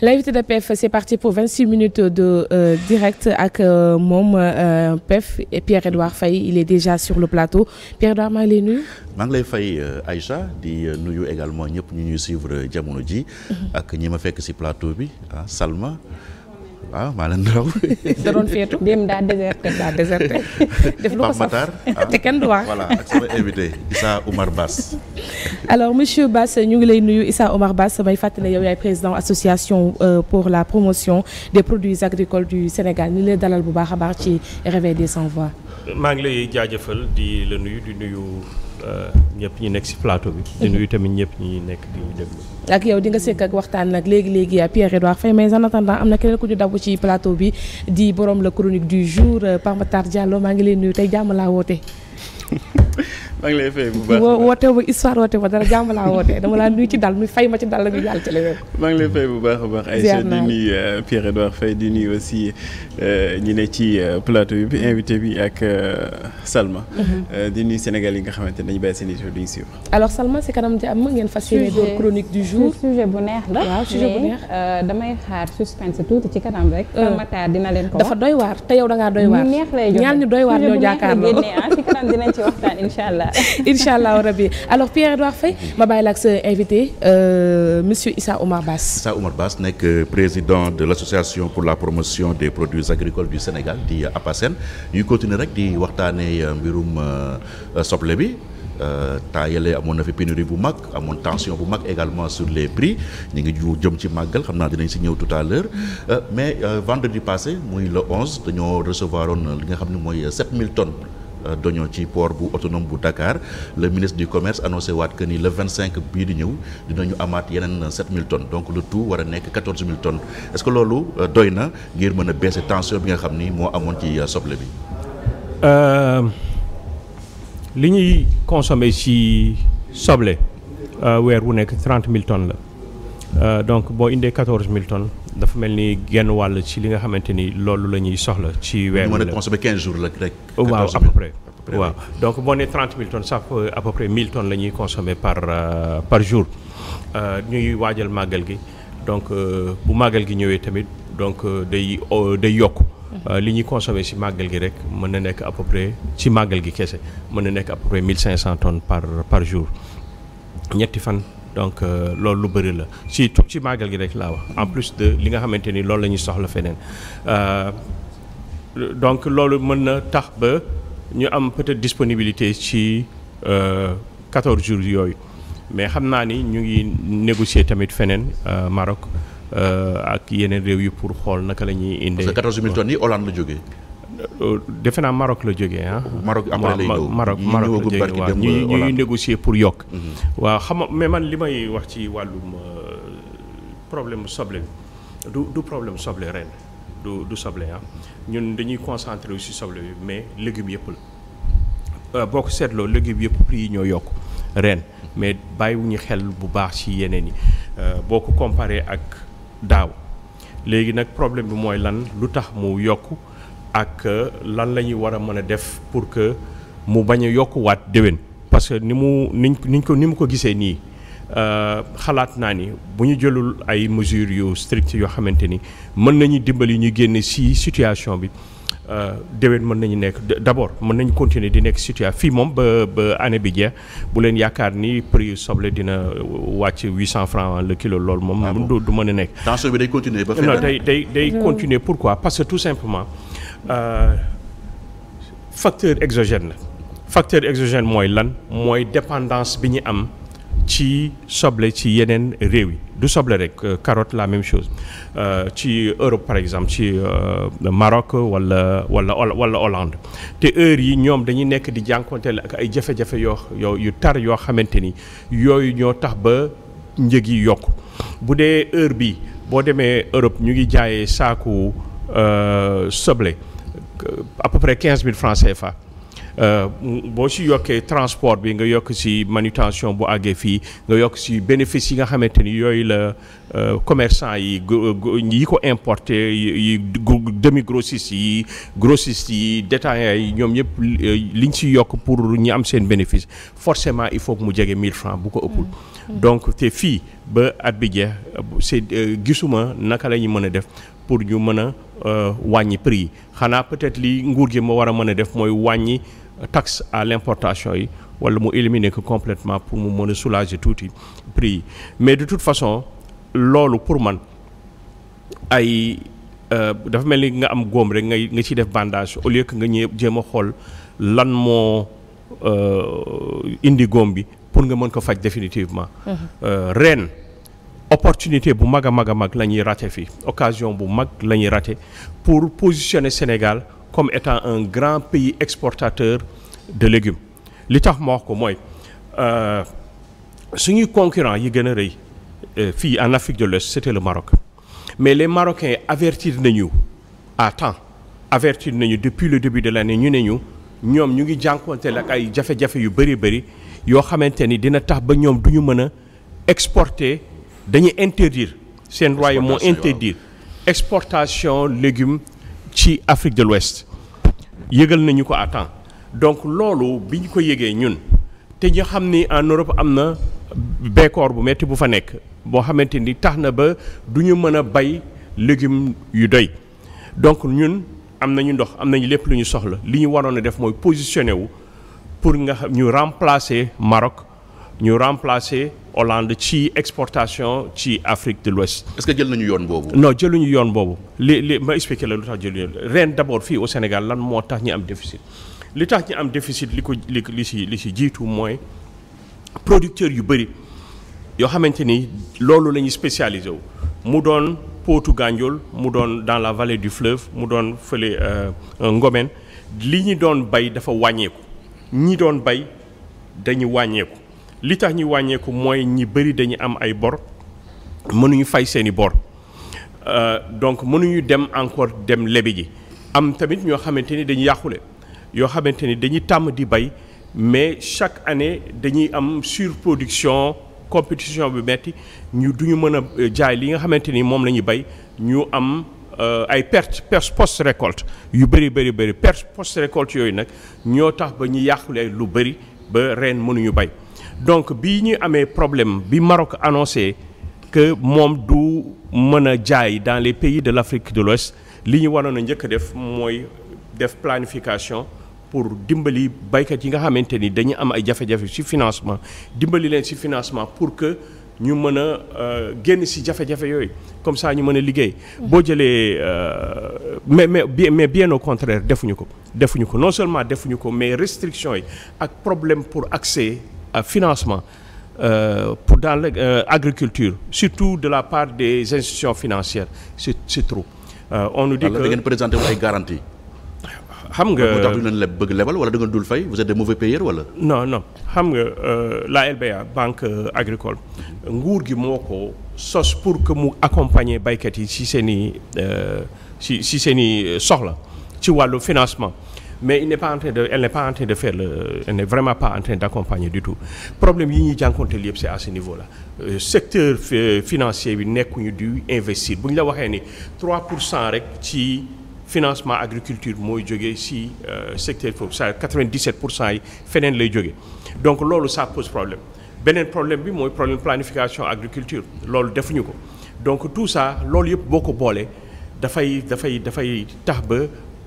l'invité de PEF c'est parti pour 26 minutes de euh, direct ak euh, moom euh, PEF et Pierre-Edouard Faye il est déjà sur le plateau Pierre-Edouard maa ngi lay nuyu. maa ngi lay fay euh, Aïcha di euh, nuyu également ñëpp ñu ñu suivre euh, jamono ji. Mm-hmm. ak ñi ma fekk ci plateau bi ah Salma. waaw maa leen raw. da doon feetu dem daa déserté daa déserté. def lu ko saf ah. te kenn du wax voilà ak sama invité Issa Oumar Bass. alors monsieur Bass ñu ngi lay nuyu Issa Oumar Bass samay fàttali yow yaay président association euh, pour la promotion des produits agricoles du Sénégal ni lay dalal bu baax a baax ci Réveil des Sans Voix. maa ngi lay jaajëfal di la nuyu di nuyu euh, ñëpp ñi nekk ci plateau bi. di mhm. nuyu tamit ñëpp ñi nekk di déglu. ak yow di nga sekk ak waxtaan nag léegi léegi Pierre Edouard Faye mais en attendant am na keneen ku ñu dabu ci plateau bi di borom la chronique du jour euh, Pape Matar maa ngi leen nuyu tey jàmm laa woote. maa ngi lay fay bu baax woote ba histoire woote ba dara jàmm laa woote dama laa nuyu a baax. Euh, di nuyu Pierre Edouard ñi ne ci euh, plateau bi invité bi ak euh, Salma. Mhm. di nuyu Sénégal yi nga xamante ne dañu bàyyi seen émission duñu suivre. si kanam jàmm ngeen fas yéene door chronique du jour. sujet bu neex la waaw sujet bu neex damay xaar suspense tuuti ci kanam rek. sama dina leen ko wax dafa doy waar te yow da ngaa doy waar. ñu neex lay joxe ñaar ñu doy waar ñoo jàkkaarloo. sujet ah, ci kanam dinañ ci waxtaan incha allah incha allah rabi alors Pierre-Edouard Faye mhm. ma bàyyi la ak sa invité euh, monsieur Issa Omar Bass. Issa Omar Bass nekk euh, président de l'association pour la promotion des produits agricoles du Sénégal di APASEN ñuy continuer rek di waxtaanee euh, mbirum euh, soble bi. temps yële amoon na fi pénurie bu mag amoon tension bu mag également sur les prix ñu ngi ju jëm ci màggal xam naa dinañ si ñëw tout à l'heure mais vendredi passé muy le 11 dañoo recevoir oon li nga xam ne mooy 7000 tonnes. Euh, doñoo ci port bu autonome bu Dakar le ministre du commerce annoncé waat que ni le 25 bii di ñëw dinañu amaat yeneen 7000 tonnes donc le tout war a nekk 14000 tonnes est-ce que loolu euh, doy na ngir mën a baisser tension bi nga xam ni moo amoon ci euh, soble bi. li ñuy consommer si soble weer wu nekk mille tonnes la donc boo indee 14000 tonnes. dafa mel ni genn wàll ci li nga xamante ni loolu la ñuy soxla ci weer mën a consommer 15 jours rek rek waaw à peu waaw donc boo ne 30 000 ton sax à peu près 1000 euh, tonnes la ñuy par euh, par jour euh, ñuy waajal màggal gi donc bu màggal gi ñëwee tamit donc day day yokk li ñuy consommer si màggal gi rek mën na nekk à peu ci màggal gi kese mën na nekk à peu cinq cent tonnes par par jour ñetti fan donc euh, loolu lu bëri la ci ci màggal gi rek laa wax en plus de li nga xamante ni loolu la ñuy soxla feneen euh, donc loolu mën na tax ba ñu am peut-être disponibilité ci 14 euh, jours yooyu mais xam naa ni ñu ngi négocier tamit feneen Maroc ak yeneen réew yi pour xool naka la ñuy indee. parce que 14000 yi Hollande la jóge defe naa Maroc la jóge ah. Maroc après lay ñëw Maroc Maroc la jógee waaw ñuy ñuy pour yokk. Mm-hmm. waaw xam nga mais man li may wax ci wàllum euh, problème soble du du problème soble ren du du soble ah. ñun dañuy concentré aussi soble bi mais légumes yëpp la euh, boo ko seetloo légumes yëpp prix yi ñoo yokk ren mais bàyyiwuñu xel bu baax ci yeneen yi euh, boo ko comparé ak daaw léegi nag problème bi mooy lan lu tax mu yokk. ak euh, lan la ñuy war a mën a def pour que mu bañ a yokkuwaat déwén parce que ni mu niñ niñ ko ni mu ko gisee nii euh, xalaat naa ni bu ñu jëlul ay mesures yu strictes yoo xamante ni mën nañu dimbali ñu génn si situation bi euh, déwén mën nañu nekk d'abord mën nañu continuer di nekk situation fii moom ba ba année bi jeex bu leen yaakaar ni prix soble dina wàcc 800 francs le kilo lool moom. Ah du mën a nekk. tension bi day continuer ba. non day mm. pourquoi parce tout simplement. Euh, facteur exogène la facteur exogène mooy lan mooy dépendance bi ñu am ci soble ci yeneen réew yi du soble rek euh, carotte la même chose euh, ci Europe par exemple ci Maroc wala wala wala Hollande te heure yi ñoom dañuy nekk di jànkonteel ak ay jafe-jafe yoo yu tar yoo xamante ni yooyu ñoo tax ba njëg yi yokk bu dee heure bi boo demee Europe ñu ngi jaayee saaku soble à peu quinze mille francs CFA euh, boo si yokkee transport bi nga yokk si manutention bu àggee fii nga yokk si bénéfice yi nga xamante ni yooyu la euh, commerçant yi yi ko importe yi demi grossiste yi grossiste yi détaillants yi ñoom ñëpp euh, liñ si yokk pour ñu am seen bénéfice forcément il faut que mu jege 1000 francs bu ko ëppul mm-hmm. donc te fii ba at bi jeex c'est gisuma naka la ñu mën a def pour ñu mën a euh, wàññi prix yi xanaa peut-être li nguur gi ma war a mën a def mooy wàññi tax à l'importation yi wala mu éliminer ko complètement pour mu mën a soulager tuuti prix yi mais de toute façon loolu pour man ay euh, dafa mel ni nga am góom rek ngay nga ciy def bandage au lieu que nga ñëw jéem a xool lan moo euh, indi góom bi pour nga mën ko faj définitivement. Mmh. ren. opportunité bu mag a mag a mag la ñuy raté fii occasion bu mag la ñuy raté pour positionner Sénégal comme étant un grand pays exportateur de légumes li tax ma wax ko mooy euh, suñuy concurrent yi gën a rëy euh, fii en Afrique de l'Ouest c'était le Maroc mais les Marocains avertir nañu à temps avertir nañu depuis le début de l'année ñu ne ñu ñoom ñu ngi jànkuwanteel ak ay jafe-jafe yu bëri bëri yoo xamante ni dina tax ba ñoom duñu ñu mën a exporter dañuy interdire seen royaume moo interdire exportation légumes ci Afrique de l'Ouest yëgal nañu ko à temps donc loolu bi ñu ko yëgee ñun te ñu xam ni en Europe am na bekkoor bu metti bu fa nekk boo xamante ni tax na ba du ñu mën a bay légumes yu doy donc ñun am nañu ndox am nañu lépp lu ñu soxla li ñu waroon a def mooy positionné wu pour nga xam ñu remplacer Maroc ñu remplacer Hollande ci exportation ci Afrique de l'Ouest. est que jël nañu yoon boobu. non jëluñu yoon boobu li li ma expliqué la lu tax jëluñu ren d'abord fii au Sénégal lan moo tax ñu am déficit li tax ñu am déficit li ko li li si li si jiitu mooy producteurs yu bëri yoo xamante ni loolu la ñuy spécialisé wu mu doon Potou gànjul mu doon dans la vallée du fleuve mu doon fële euh, Ngomen li ñu doon bay dafa wàññeeku ñi doon bay dañu wàññeeku. li tax ñu wàññeeku mooy ñi bëri dañu am ay bor mënuñu fay seeni bor euh, donc mënuñu dem encore dem lebi ji am tamit ñoo xamante ni dañuy yàqule yoo xamante ni dañuy tàmm di bay mais chaque année dañuy am surproduction compétition bi metti ñu duñu mën a euh, jaay li nga xamante ni moom la ñuy bay ñu am euh, ay perte perte post récolte yu bëri bëri bëri perce post récolte yooyu nag ñoo tax ba ñu yàqule lu bëri ba reen mënuñu bay donc bi ñu amee problème bi Maroc annoncé que moom du mën a jaay dans les pays de l'Afrique de l'Ouest li ñu waroon a njëkk a def mooy def planification pour dimbali baykat yi nga xamante ni dañu am ay jafe-jafe ci financement dimbali leen si financement pour que ñu mën a euh, génn si jafe-jafe yooyu comme ça ñu mën a liggéey. boo jëlee euh, mais mais bien mais bien au contraire defuñu ko. defuñu ko non seulement defuñu ko mais restriction yi ak problème pour accès. Euh, financement euh, pour dans euh, agriculture surtout de la part des institutions financières c'est c'est trop. Euh, on nous dit que da ngeen présenté ay garanties. xam nga moo tax bëgg lebal wala da dul fay vous êtes des mauvais payeurs wala. non non xam nga la LBA banque agricole nguur gi moo ko sos pour que mu accompagner baykat yi ci seen i ci ci seen i soxla ci wàllu financement. mais il n'est pas en de elle n'est pas en train de faire le elle n'est vraiment pas en train d'accompagner du tout problème yi ñuy jànkonteel yëpp c'est à ce niveau là euh, secteur financier bi nekkuñu du investir bu ñu la waxee ni trois pour cent rek ci financement agriculture mooy jógee si euh, secteur foofu ça 97 pour cent yi feneen lay jógee donc loolu ça pose problème beneen problème bi mooy problème planification agriculture loolu defuñu ko donc tout ça loolu yëpp boo ko boolee dafay dafay dafay tax ba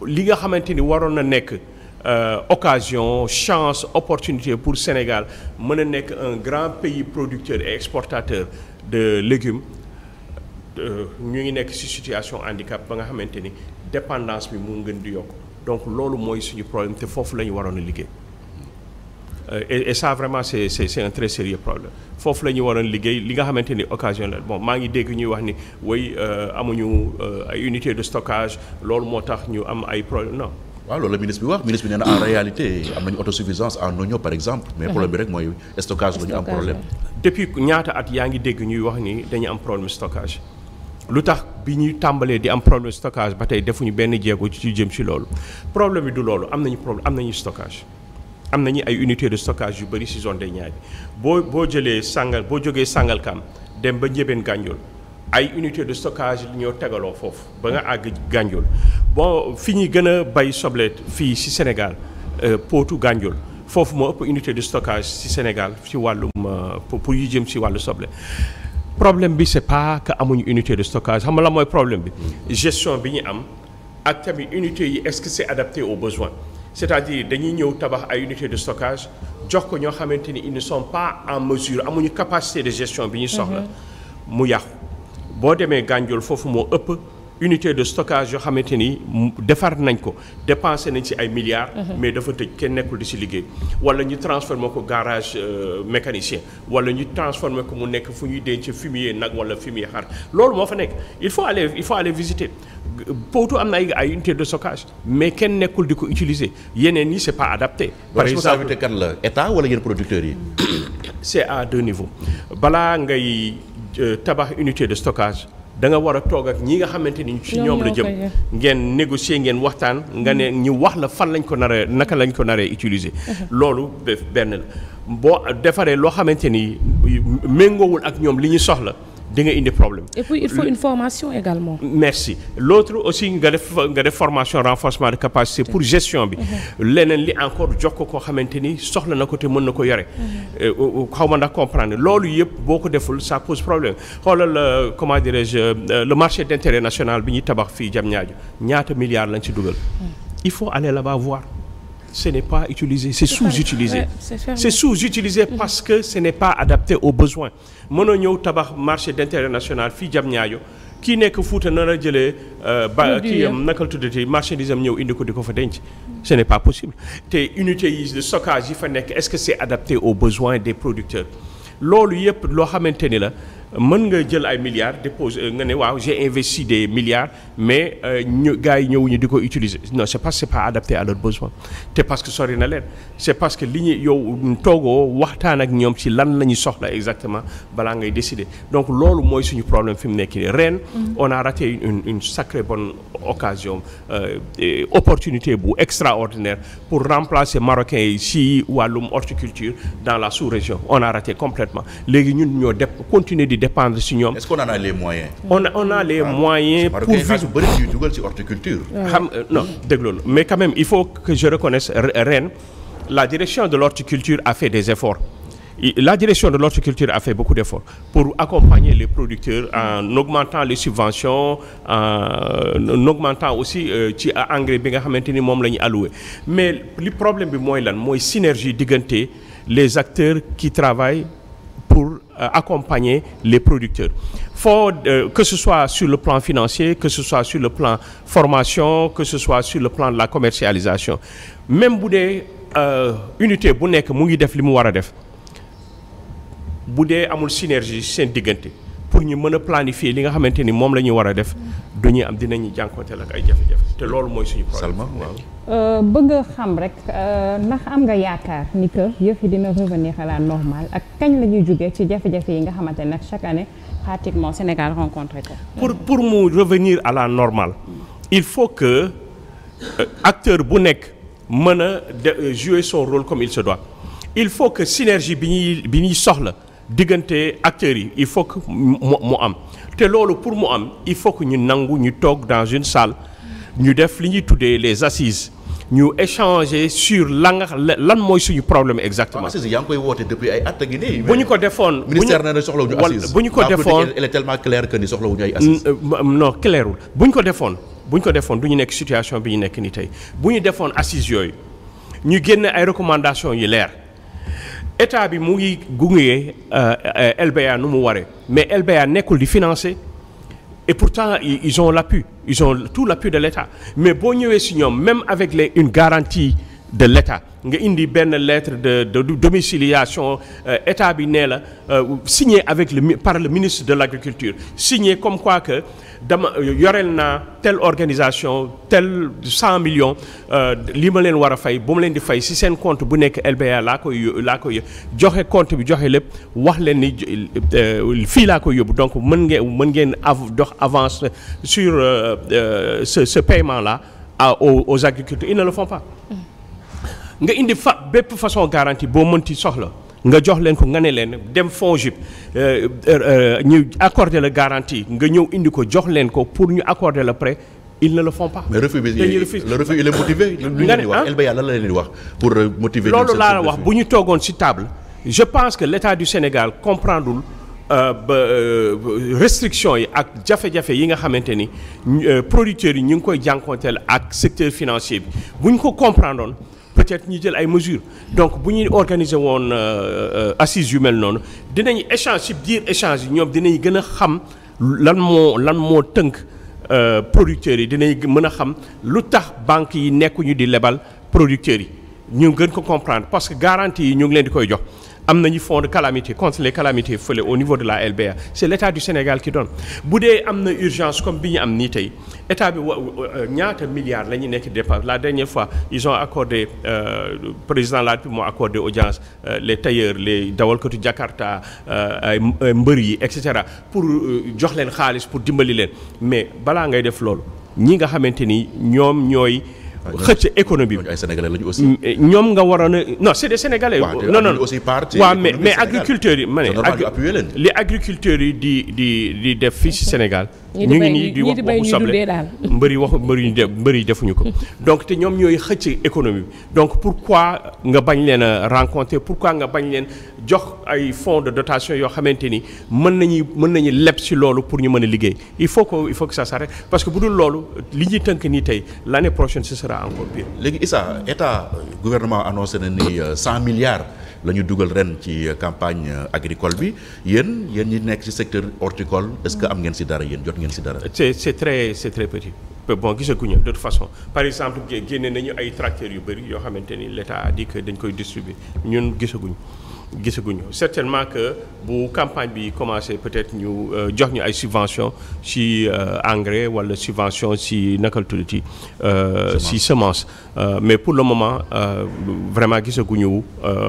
li nga xamante ni waroon na nekk euh, occasion chance opportunité pour Sénégal mën a nekk un grand pays producteur exportateur de légumes euh, ñu ngi nekk ci situation handicap ba nga xamante ni dépendance bi mu ngën di yokk donc loolu mooy suñu problème te foofu la ñu waroon a liggéey e ça vraiment c'est c'est c'est un très sérieux problème foofu la ñu waroon liggéey li nga xamante ni occasion la bon maa ngi dégg ñuy wax ni way euh, amuñu euh, ay unité de stockage loolu moo tax ñu am ay problème non waaw loolu la ministre bi wax ministre bi nee na en réalité am nañu autosuffisance en oignon par exemple mais problème bi rek mooy stockage la ñu am problème depuis ñaata at yaa ngi dégg ñuy wax ni dañu am problème stockage lu tax bi ñuy tàmbalee di am problème stockage ba tey defuñu benn jéego ci jëm ci loolu problème loolu am nañu problème am nañu stockage am nañu ay unité de stockage yu bëri si zone des Niayes bi boo boo jëlee sàngal boo jógee Sangalkam dem ba njëbeen Gànjool ay unité de stockage ñoo tegaloo foofu ba nga àgg Gànjool bon fi ñuy gën a bay soble fii si Sénégal euh, pootu Gànjool foofu moo ëpp unité de stockage si Sénégal si wàllum euh, pour yu jëm si wàllu soble problème bi c'est pas que amuñu unité de stockage xam la mooy problème bi mm. gestion bi ñu am ak tamit unité yi est-ce que c'est adapté aux c'est-à-dire dañuy ñëw tabax ay unité de stockage jox ko ñoo xamante ni ils ne pas en mesure amuñu capacité de gestion bi ñu soxla mu yàqu boo demee Gandiol foofu moo ëpp unité de stockage yoo xamante ni defar nañ ko dépensé nañ ci ay milliards mhm. mais dafa tëj kenn nekkul di ci liggéey wala ñu transformer ko garage euh, mécanicien wala ñu transformer ko mu nekk fu ñuy denc fumier nag wala fumier xar loolu moo fa nekk il faut aller il faut aller Poutou am na ay ay unité de stockage mais kenn nekkul di ko utiliser yeneen yi c' pas adapté. par exemple responsabilité kan la état wala yéen producteurs yi. c' est à deux niveaux balaa ngay euh, tabax unité de stockage. da nga war a toog ak ñi nga xamante ni ci ñoom la jëm ngeen négocier ngeen waxtaan nga ne ñu wax la fan lañ ko naree naka lañ ko naree utiliser. Mhm. loolu benn la boo defaree loo xamante ni méngoowul ak ñoom li ñu soxla. di nga indi problème. et puis il faut une formation également. merci l'autre aussi nga def nga def formation renforcement de capacité pour gestion bi. Mhm. leneen li encore jox ko koo xamante ni soxla na ko te mën na ko yore. Mhm. Euh, xaw ma ndax comprendre loolu yëpp boo ko deful ça pose problème xoolal euh, comment dirais-je euh, le marché d'intérêt national bi ñuy tabax fii Diamniadio ñaata milliards lañ ci dugal. Mhm. il faut aller là-bas voir. ce n'est pas utilisé c'est sous-utilisé c'est sous-utilisé mhm. parce que ce n'est pas adapté aux besoins mën a ñëw tabax marché d'intérêt national fii Diamniadio kii nekk Fuuta na la jëlee euh, ba kii am nakal tuddati marchandise am ñëw indi ko di ko fa denc ce n'est pas possible te unité yi de stockage yi fa nekk est-ce que c'est adapté aux besoins des producteurs loolu yëpp loo xamante ni la mën nga jël ay milliards dépose euh, nga ne waaw j'ai investi des milliards mais euh, ñu gars yi ñëwuñu di ko utiliser non c'est parce que c'est pas adapté à leurs besoins te parce que sori na leen c'est parce que li ñu yow toogoo waxtaan ak ñoom si lan la ñu soxla exactement balaa ngay décider donc loolu mooy suñu problème fi mu nekk nii ren. Mm-hmm. on a raté une une sacrée bonne occasion euh, opportunité bu extraordinaire pour remplacer marocains yi ci wàllum horticulture dans la sous-région on a raté dépendre si ñoom. est-ce qu'on en a les moyens. on a on a les ah moyens. pour vivre bëri yu dugal ci horticulture. xam euh, non dégg mais quand il faut que je reconnaisse ren la direction de l'horticulture a fait des efforts. la direction de l'horticulture a fait beaucoup d'efforts pour accompagner les producteurs en augmentant les subventions en augmentant aussi euh, ci engrais bi nga xamante ni moom la ñu alloué mais li problème bi mooy lan mooy synergie diggante les acteurs Euh, accompagner les producteurs faut euh, que ce soit sur le plan financier que ce soit sur le plan formation que ce soit sur le plan de la commercialisation même bu dee euh, unité bu nekk mu ngi def li mu war a def bu dee amul synergie seen diggante pour ñu mën a planifier li nga xamante ni moom la ñu war a def du ñuy am dinañu jànkuwanteel ak ay jafe-jafe te loolu mooy suñu problème. waaw euh, bëgg a xam rek euh, ndax am nga yaakaar ni que yëf yi dina revenir à la normale ak kañ la ñuy jugee ci jafe-jafe yi nga xamante ne nag chaque année pratiquement Sénégal rencontré ko. pour pour mu revenir à la normale il faut que euh, acteur bu nekk mën a jouer son rôle comme il se doit il faut que synergie bi ñuy bi ñuy soxla. diggante acteurs yi il faut que mu am te loolu pour mu am il faut que ñu nangu ñu toog dans une salle ñu def li ñuy tuddee les assises ñu échanger sur la lan mooy suñu problème exactement. Ah, assises yaa ngi woote depuis ay at gi nii. bu ñu ko defoon ministère nee na soxlawuñu assise bu ñu ko defoon elle est tellement claire que ni soxlawuñu ay assise euh, non clairul bu ñu ko defoon bu ñu ko defoon du ñu nekk situation bi ñu nekk nii tey bu ñu defoon assises yooyu ñu génne ay recommandations yi leer. état bi mu ngi gunge euh, euh, LBA nu mu waree mais LBA nekkul di financer et pourtant ils ont l'appui ils ont tout l'appui de l'État mais boo ñëwee si ñoom même avec les une garantie de l'État nga indi benn lettre de de domiciliation euh, état bi nee la euh, signé avec le par le ministre de l' agriculture signé comme quoi que dama euh, yoreel naa tel organisation tel cent millions li ma leen war a fay ba mu leen di fay si seen compte bu nekk LBA laa koy laa koy joxe compte bi joxe lépp wax leen ni fii laa koy yóbbu donc mën ngeen mën ngeen av dox avance sur ce ce la là aux aux agriculteurs ils ne le font nga indi fa bépp façon garanti boo mënti soxla nga jox leen ko nga ne leen dem FONGIP euh, euh, euh, ñu accorder la garantie nga ñëw indi ko jox leen ko pour ñu accorder la prêt ils na la font pas. mais refus bi le refus il est motivé. lu ñu di wax la leen wax pour motiver. loolu laa la wax bu ñu toogoon ci table. je pense que l'État du Sénégal comprendrul ba restriction yi ak jafe-jafe yi nga xamante ni producteurs yi ñu ngi koy la ak secteur financier bi bu ñu ko comprendre peut-être ñu jël ay mesures donc bu ñuy organiser woon euh, euh, assises yu mel noonu dinañ échange ci biir échange yi ñoom dinañ gën a xam lan moo lan moo tënk euh, producteurs yi dinañ mën a xam lu tax banque yi nekkuñu di lebal producteurs yi ñu gën ko comprendre parce que garantie yi ñu ngi leen di koy jox am nañu fonds de calamité contre les calamités fële au niveau de la LBA c' est du Sénégal qui donne bu dee am na urgence comme bi ñu am nii tey état bi wa euh, ñaata milliards la ñu nekk dépense la dernière fois ils ont accordé euh, président la République moo accordé audience euh, les tailleurs les dawalkatu Jakarta euh, ay mbër yi et cetera pour euh, jox leen xaalis pour dimbali leen mais balaa ngay def loolu ñi nga xamante ni ñoom ñooy. xëcc économie bi. ay sénégalais lañu mm, ñoom nga waroon a non c'est des sénégalais. non non aussi partie waaw mais mais agriculteurs yi ma ne. li yi di di di def fii ci Sénégal. ñu ngi nii di wax waxu soble mbëri waxu mbëri ñu defuñu ko. donc te ñoom ñooy xëcc économie bi donc quoi nga bañ leen a pour pourquoi nga bañ leen jox ay fonds de dotation yoo xamante ni mën nañu mën nañu leb si loolu pour ñu mën a liggéey il faut que il faut que ça s'arrête parce que bu dul loolu li ñuy tënk nii tey l'année prochaine ce sera encore pire. léegi Issa état euh, gouvernement annoncé na ni euh, cent milliards la dugal ren ci euh, campagne agricole bi yéen yéen ñi nekk ci secteur horticole est-ce que am ngeen si dara yéen jot ngeen si dara. c'est c'est très c'est très petit. bon gisaguñu de toute façon par exemple génne nañu ay tracteurs yu bëri yoo xamante ni l'État a dit que dañ koy distribuer ñun gisaguñu. gisaguñu certainement que bu campagne bi commencé peut-être ñu euh, jox ñu ay subvention ci euh, engrais wala subvention ci naka la tuddati ci euh, semence mais pour le moment vraiment gisaguñu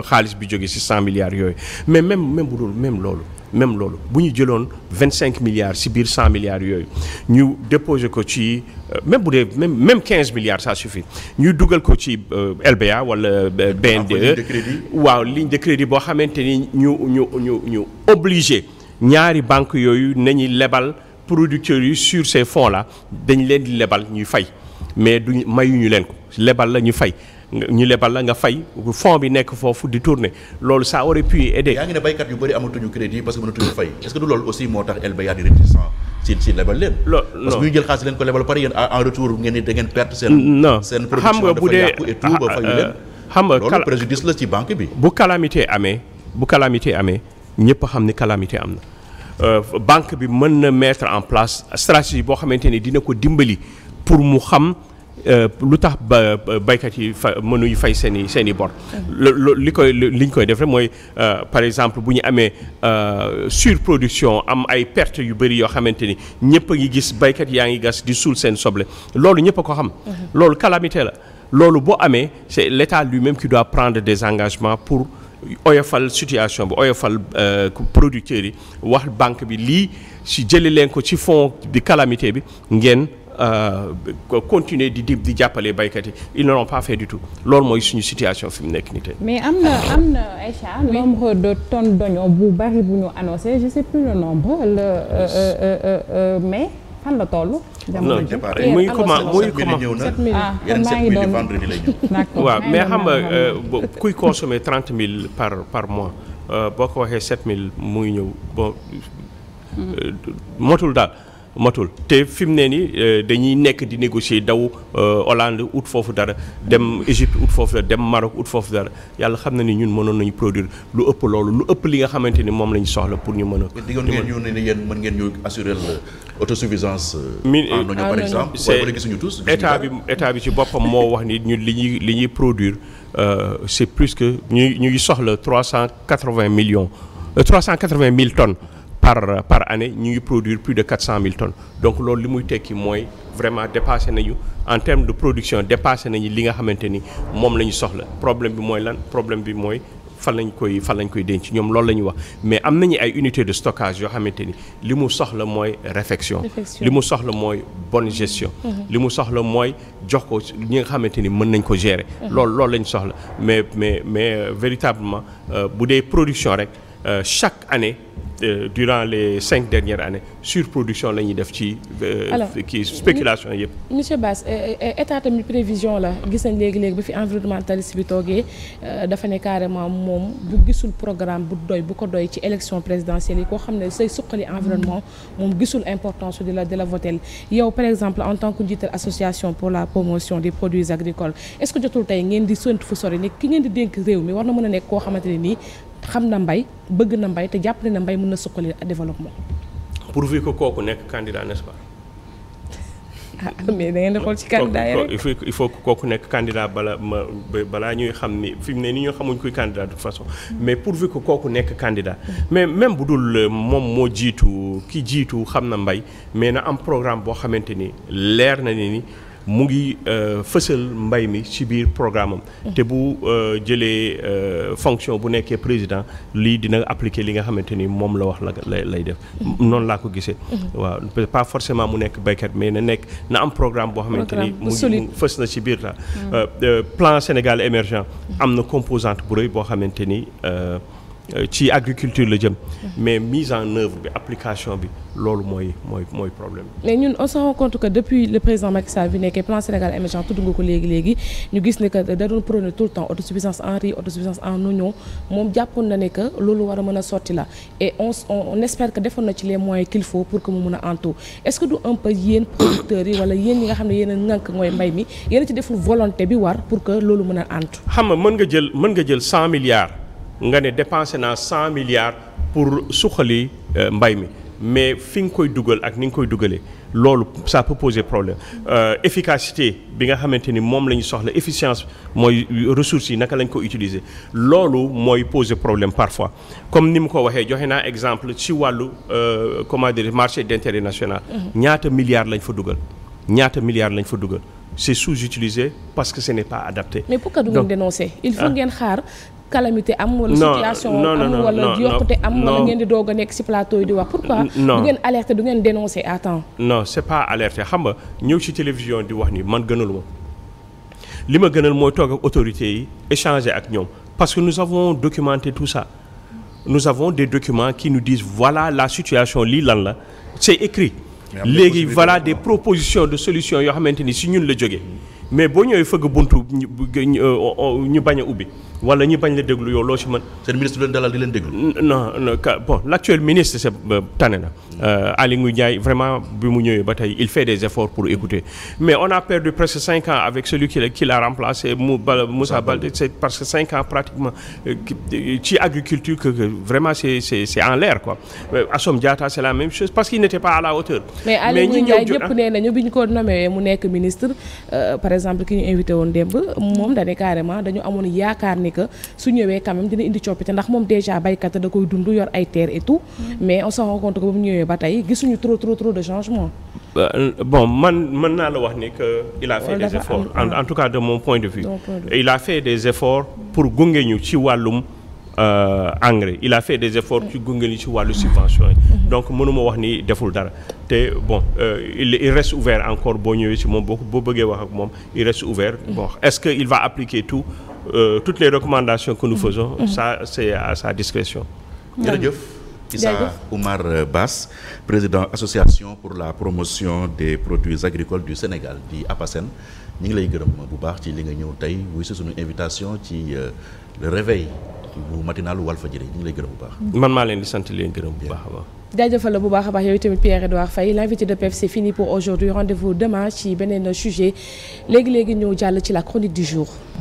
xaalis bi jóge ci cent milliards yooyu mais même même bu dul même loolu même loolu bu ñu jëloon vingt cinq milliards ci biir cent milliards yooyu ñu déposé ko ci euh, même bu dee même même quinze milliards ça suffit ñu dugal ko ci euh, LBA wala euh, BNDE e. waaw ligne de crédit boo xamante ni ñu ñu ñu ñu obligé ñaari banque yooyu nañuy lebal producteurs yi sur ces fonds là dañ leen di lebal ñuy fay mais duñu mayuñu leen ko lebal la ñu fay ñu lebal la nga fay fond bi nekk foofu di tourner loolu ça aurait pu aider. yaa ngi ne baykat yu bëri amatuñu crédit parce que mënatuñu fay est-ce que du loolu aussi moo tax LBA di réticent si si lebal leen. loo parce que ñu jël xaalis leen ko lebal pare yéen ba fayu ah, leen ah, xam nga loolu préjudice la bi. bu calamité amee bu calamité amee ñëpp xam ni calamité am na. Euh, banque bi mën na mettre en place stratégie boo xamante ni dina ko dimbali pour mu xam Euh, lu tax ba baykat yi fa mënuy fay seen i seen i bor. li koy li ñu koy def rek mooy euh, par exemple bu ñu amee euh, surproduction am ay perte yu bëri yoo xamante ni ñëpp a ngi gis baykat yaa ngi gas di suul seen soble loolu ñëpp a ko xam. Mhm. loolu calamité la loolu boo amee c'est l'État lui-même qui doit prendre des engagements pour. oyofal situation bi oyofal producteurs yi wax banque bi lii si jëli leen ko ci fonds di calamité bi ngeen Euh, continuer di di jàppale baykat yi ils n'ont pas fait du tout loolu mooy suñu situation fi mu nekk nii tey. mais am na am na Aïcha nombre de tonnes d'oignons bu bari bu ñu annoncé je sais plus le nombre le euh, euh, mais fan la toll. muy comment muy comment ah, ah, waaw mais xam nga kuy consommer trente mille par par mois boo ko waxee sept mille muy ñëw bon. Hmm. motul daal. matul te fi mu ne nii euh, dañuy nekk di négocier daw euh, Hollande ut foofu dara dem Égypte ut foofu dara dem Maroc ut foofu dara yàlla xam na ni ñun mënoon nañu produire lu ëpp loolu lu ëpp li nga xamante ni moom la ñu soxla pour ñu mën a. diggoon ngeen ñu ne yéen mën ngeen ñu assurer l'autosuffisance. Euh, mi en oignon par exemple. waaye gisuñu tous état bi état bi ci boppam moo wax ni ñun li ñuy li ñuy produire c'est plus que ñuy ñu soxla trois cent quatre-vingts million trois cent quatre-vingt mille tonnes. par par année ñu ngi produire plus de 400 000 tonnes donc loolu li muy tekki mooy vraiment dépasé nañu en terme de production dépasé nañu li nga xamante ni moom la ñu soxla problème bi mooy lan problème bi mooy fan lañ koy fan lañ koy denc ñoom loolu la ñuy wax mais am nañu ay unité de stockage yoo xamante ni li mu soxla mooy réfection li mu soxla mooy bonne gestion mhm. li mu soxla mooy jox ko ñi nga xamante ni mën nañ ko gérer mhm. loolu loolu lañ soxla mais mais mais euh, véritablement euh, bu dee production rek euh, chaque année euh, durant le cinq dernières années surproduction la ñuy def ci. Euh, alors kii spéculation yëpp. monsieur Bass euh, euh, état tamit prévision la gis nañ léegi léegi ba fi environnementaliste bi toogee dafa ne carrément moom bu gisul programme bu doy bu ko doy ci élection présidentielle koo xam ne say suqali environnement moom gisul importance di la di la votel yow par exemple en tant que njiital association pour la promotion des produits agricoles est-ce que jotul tey ngeen di séntu fu sori ne di dénk réew mi war nekk koo xamante ne nii xam na mbay bëgg na mbay te jàpp na mbay mën na suqali développement. pour pourvu ko kooku nekk candidat n'est-ce pas. Ah, da ngeen di xool ci candidat yi rek il faut il faut kooku nekk candidat bala ma balaa ñuy xam ni fi ne ni ñu xamuñ kuy candidat de toute façon. Mm-hmm. mais pourvu ko kooku nekk candidat. mais même bu dul euh, moom moo jiitu ki jiitu xam na mbay mais na am programme boo xamante ni leer na ni nii mu ngi euh, fësal mbay mi ci biir programme mm. te bu euh, jëlee euh, fonction bu nekkee président lii dina appliquer li nga xamante ni moom la wax la lay def mm. noonu laa ko gisee mm-hmm. waaw pas forcément mu nekk baykat mais na nekk na am programme boo xamante ni mu fës na ci biir la mm. plan Sénégal émergent am na composante bu rëy boo xamante ni Euh, ci agriculture la jëm mais mise en œuvre bi application bi loolu mooy mooy mooy problème mais ñun on se rend compte que depuis le président Macky Sall bi nekkee plan Sénégal émergent tudd nga ko léegi léegi ñu gis ne que da doon prôné tout le temps autosuffisance en riz autosuffisance en oignon moom jàppoon na ne que loolu war a mën a sotti la et on on espère que defoon na ci les moyens qu'il pour que mu mën a antu est-ce que du un peu yéen producteurs yi wala nga xam ne yéen a mooy mbay mi yéen a ci deful volonté war pour que loolu mën a xam nga mën nga jël mën jël cent milliards nga ne dépensé naa cent milliards pour suqali euh, mbay mi mais fi nga koy dugal ak ni nga koy dugalee loolu ça peut poser problème euh, efficacité bi nga xamante ni moom la ñu soxla efficience mooy ressources yi naka lañ ko utiliser loolu mooy poser problème parfois comme ni mu ko waxee joxe naa exemple ci wàllu euh, comment dire marché d'intérêt national mm-hmm. ñaata milliards lañ fa dugal ñaata milliards lañ fa dugal c'est sous-utilisé parce que ce n'est pas adapté. mais ah. ngeen xaar calamité am. wala situation am wala am. wala ngeen di doog nekk ci plateau yi di wax. pourquoi du ngeen alerter du ngeen dénoncer à temps. non c'est pas alerte xam nga ñëw ci télévision di wax nii man gënaluma li ma gënal mooy toog ak autorités yi échanger ak ñoom parce que nous avons documenté tout ça nu avons des documents qui nous disent voilà la situation lii lan la c'est écrit. léegi voilà des proposition de solutions yoo xamante ni si ñun la jógee mais boo ñëwee fëgg buntu ñu euh, bañ a ubbi. wala ñu bañ la déglu yow loo ci mën. seen ministre leen dalal di leen déglu. non non bon l' ministre c' euh, tane na. Euh, Aly Ngouille Ndiaye vraiment bi mu ñëwee ba tey il fait des efforts pour écouter mais on a perdu presque cinq ans avec celui qui l' a qui l' a remplacé mu Bala Moussa Baldé c' parce que cinq ans pratiquement euh, ci agriculture que vraiment c' en l' air quoi Assom Diatta la même chose parce qu' il n' était pas à la hauteur. mais Aly ni que su ñëwee quand dina indi coppite ndax moom déjà baykat da koy dund yor ay terre et tout mais on se rend compte que ba mu ñëwee ba tey gisuñu trop trop trop de changement euh, bon man mën naa la wax ni que il a fait des efforts en, tout cas de mon point de vue il a fait des efforts pour gunge ñu ci wàllum Euh, engrais il a fait des efforts ci gunge ni ci wàllu subvention yi mm-hmm. donc mënuma wax ni deful dara te bon euh, il, il reste ouvert encore boo ñëwee ci moom boo boo bëggee euh, toutes les recommandations que nous mhm. faisons. Mmh. ça c'est à sa discrétion. jërëjëf. Issa Oumar Bass président association pour la promotion des produits agricoles du Sénégal di APASEN ñu ngi lay gërëm bu baax ci li nga ñëw tey wuy si suñu invitation ci euh, le réveil bu matinalu Walfadjri ñu ngi lay gërëm bu baax. Mhm. man maa leen di sant leen gërëm bu baax a baax. jaajëfal la bu baax a baax yow tamit Pierre-Edouard Faye l'invité de PEF c'est fini pour aujourd'hui rendez léegi léegi ñu ci la chronique du jour.